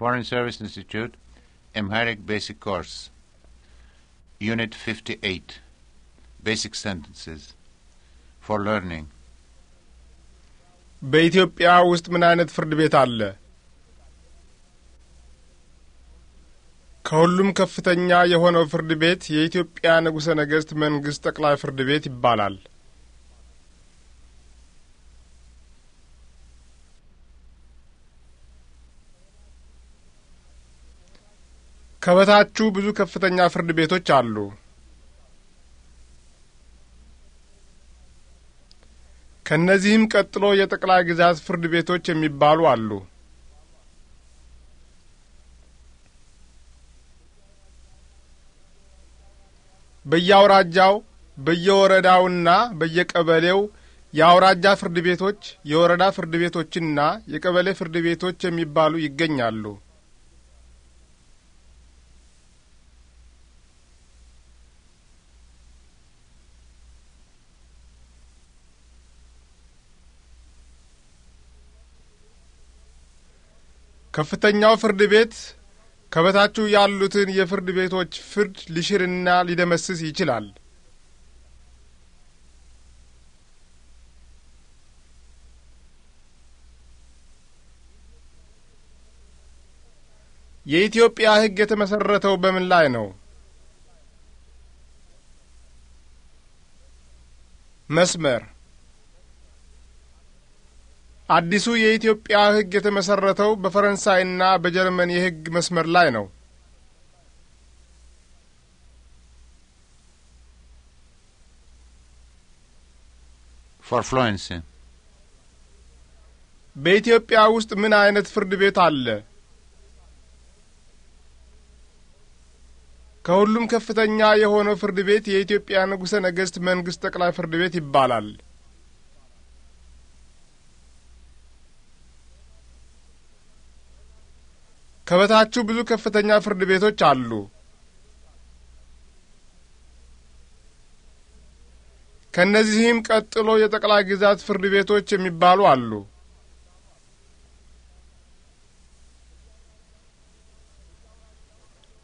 Foreign Service Institute, Amharic Basic Course, Unit 58, Basic Sentences for Learning. በኢትዮጵያ ውስጥ ምን አይነት ፍርድ ቤት አለ? ከሁሉም ከፍተኛ የሆነው ፍርድ ቤት የኢትዮጵያ ንጉሠ ነገሥት መንግሥት ጠቅላይ ፍርድ ቤት ይባላል። ከበታችሁ ብዙ ከፍተኛ ፍርድ ቤቶች አሉ። ከእነዚህም ቀጥሎ የጠቅላይ ግዛት ፍርድ ቤቶች የሚባሉ አሉ። በየአውራጃው በየወረዳውና በየቀበሌው የአውራጃ ፍርድ ቤቶች፣ የወረዳ ፍርድ ቤቶችና የቀበሌ ፍርድ ቤቶች የሚባሉ ይገኛሉ። ከፍተኛው ፍርድ ቤት ከበታችሁ ያሉትን የፍርድ ቤቶች ፍርድ ሊሽርና ሊደመስስ ይችላል። የኢትዮጵያ ሕግ የተመሰረተው በምን ላይ ነው? መስመር አዲሱ የኢትዮጵያ ሕግ የተመሰረተው በፈረንሳይና በጀርመን የሕግ መስመር ላይ ነው። ፎርፍሎንስ በኢትዮጵያ ውስጥ ምን አይነት ፍርድ ቤት አለ? ከሁሉም ከፍተኛ የሆነው ፍርድ ቤት የኢትዮጵያ ንጉሠ ነገሥት መንግሥት ጠቅላይ ፍርድ ቤት ይባላል። ከበታችሁ ብዙ ከፍተኛ ፍርድ ቤቶች አሉ። ከእነዚህም ቀጥሎ የጠቅላይ ግዛት ፍርድ ቤቶች የሚባሉ አሉ።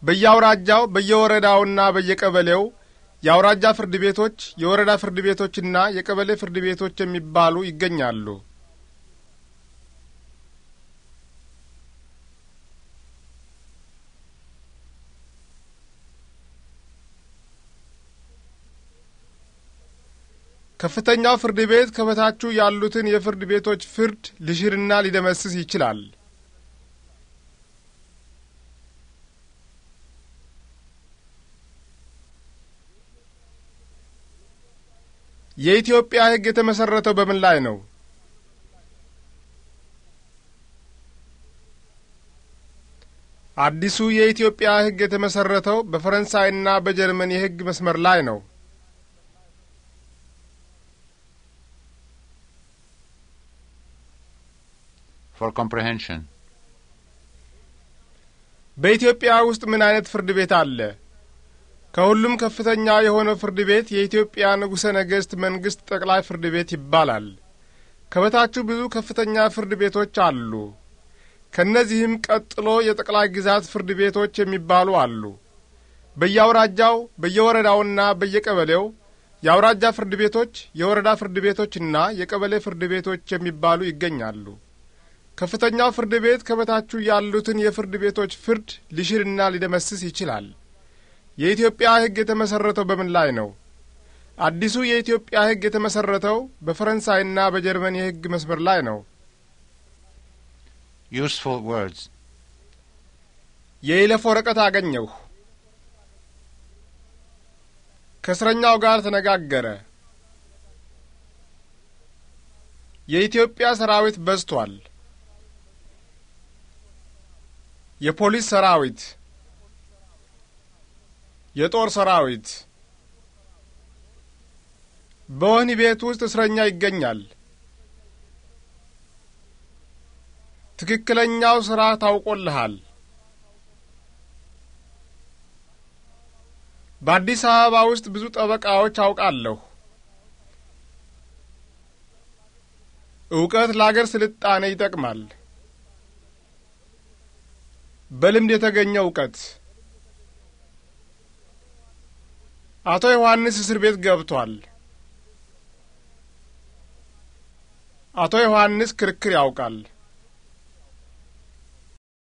በየአውራጃው በየወረዳውና በየቀበሌው የአውራጃ ፍርድ ቤቶች፣ የወረዳ ፍርድ ቤቶችና የቀበሌ ፍርድ ቤቶች የሚባሉ ይገኛሉ። ከፍተኛው ፍርድ ቤት ከበታችሁ ያሉትን የፍርድ ቤቶች ፍርድ ሊሽርና ሊደመስስ ይችላል። የኢትዮጵያ ሕግ የተመሰረተው በምን ላይ ነው? አዲሱ የኢትዮጵያ ሕግ የተመሰረተው በፈረንሳይና በጀርመን የሕግ መስመር ላይ ነው። for comprehension. በኢትዮጵያ ውስጥ ምን አይነት ፍርድ ቤት አለ? ከሁሉም ከፍተኛ የሆነው ፍርድ ቤት የኢትዮጵያ ንጉሠ ነገሥት መንግሥት ጠቅላይ ፍርድ ቤት ይባላል። ከበታችሁ ብዙ ከፍተኛ ፍርድ ቤቶች አሉ። ከእነዚህም ቀጥሎ የጠቅላይ ግዛት ፍርድ ቤቶች የሚባሉ አሉ። በየአውራጃው በየወረዳውና በየቀበሌው የአውራጃ ፍርድ ቤቶች፣ የወረዳ ፍርድ ቤቶችና የቀበሌ ፍርድ ቤቶች የሚባሉ ይገኛሉ። ከፍተኛው ፍርድ ቤት ከበታችሁ ያሉትን የፍርድ ቤቶች ፍርድ ሊሽርና ሊደመስስ ይችላል። የኢትዮጵያ ሕግ የተመሠረተው በምን ላይ ነው? አዲሱ የኢትዮጵያ ሕግ የተመሠረተው በፈረንሳይና በጀርመን የሕግ መስመር ላይ ነው። ዩስፉል ወርድስ የይለፍ ወረቀት አገኘሁ። ከእስረኛው ጋር ተነጋገረ። የኢትዮጵያ ሰራዊት በዝቷል። የፖሊስ ሰራዊት፣ የጦር ሰራዊት። በወህኒ ቤት ውስጥ እስረኛ ይገኛል። ትክክለኛው ሥራ ታውቆልሃል። በአዲስ አበባ ውስጥ ብዙ ጠበቃዎች አውቃለሁ። እውቀት ለአገር ስልጣኔ ይጠቅማል። በልምድ የተገኘ እውቀት። አቶ ዮሐንስ እስር ቤት ገብቷል። አቶ ዮሐንስ ክርክር ያውቃል።